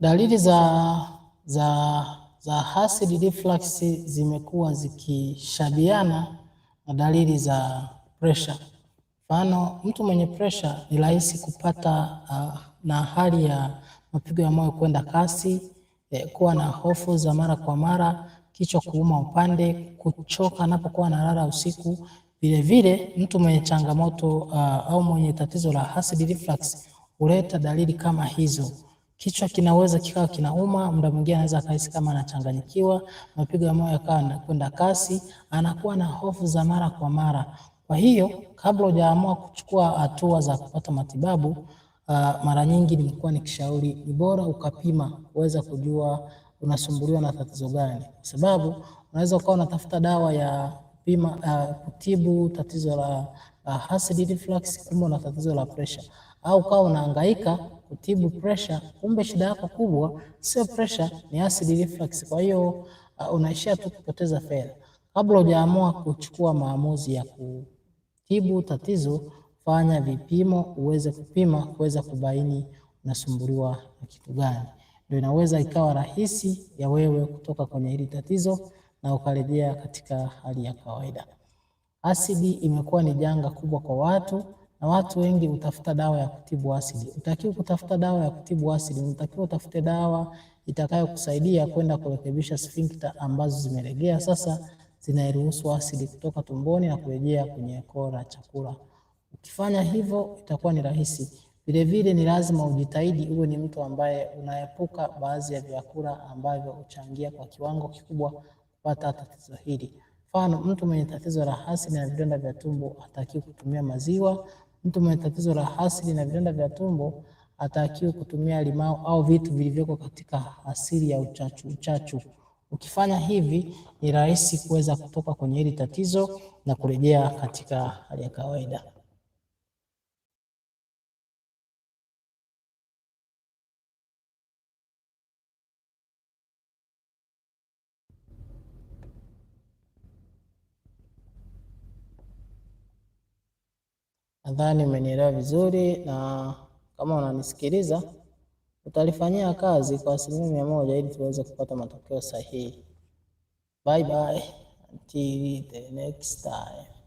Dalili za, za, za acid reflux zimekuwa zikishabiana na dalili za pressure. Mfano, mtu mwenye pressure ni rahisi kupata uh, na hali ya mapigo ya moyo kwenda kasi eh, kuwa na hofu za mara kwa mara, kichwa kuuma upande, kuchoka anapokuwa analala usiku. Vilevile mtu mwenye changamoto uh, au mwenye tatizo la acid reflux huleta dalili kama hizo. Kichwa kinaweza kikawa kinauma, muda mwingine anaweza akahisi kama anachanganyikiwa, mapigo ya moyo yakawa kwenda kasi, anakuwa na hofu za mara kwa mara. Kwa hiyo kabla hujaamua kuchukua hatua za kupata matibabu, uh, mara nyingi nimekuwa nikishauri ni bora ukapima uweza kujua unasumbuliwa na tatizo gani, kwa sababu unaweza ukawa unatafuta dawa ya pima, uh, ah, kutibu tatizo la uh, acid reflux, kumbe una tatizo la presha au kawa unahangaika kutibu pressure, kumbe shida yako kubwa sio pressure, ni acid reflux. Kwa hiyo uh, unaishia tu kupoteza fedha. Kabla hujaamua kuchukua maamuzi ya kutibu tatizo, fanya vipimo, uweze kupima kuweza kubaini unasumbuliwa na kitu gani, ndio inaweza ikawa rahisi ya wewe kutoka kwenye hili tatizo na ukarejea katika hali ya kawaida. Asidi imekuwa ni janga kubwa kwa watu na watu wengi hutafuta dawa ya kutibu asidi. Utakiwa kutafuta dawa ya kutibu asidi, unatakiwa utafute dawa itakayokusaidia kwenda kurekebisha sfinkta ambazo zimelegea, sasa zinairuhusu asidi kutoka tumboni na kurejea kwenye koo la chakula. Ukifanya hivyo itakuwa ni rahisi. Vilevile ni lazima ujitahidi uwe ni mtu ambaye unaepuka baadhi ya vyakula ambavyo huchangia kwa kiwango kikubwa kupata tatizo hili. Mfano, mtu mwenye tatizo la asidi na vidonda vya tumbo hatakiwi kutumia maziwa Mtu mwenye tatizo la hasili na vidonda vya tumbo atakiwa kutumia limao au vitu vilivyoko katika asili ya uchachu uchachu. Ukifanya hivi ni rahisi kuweza kutoka kwenye hili tatizo na kurejea katika hali ya kawaida. Nadhani umenielewa vizuri, na kama unanisikiliza utalifanyia kazi kwa asilimia mia moja ili tuweze kupata matokeo sahihi. Bye bye, until the next time.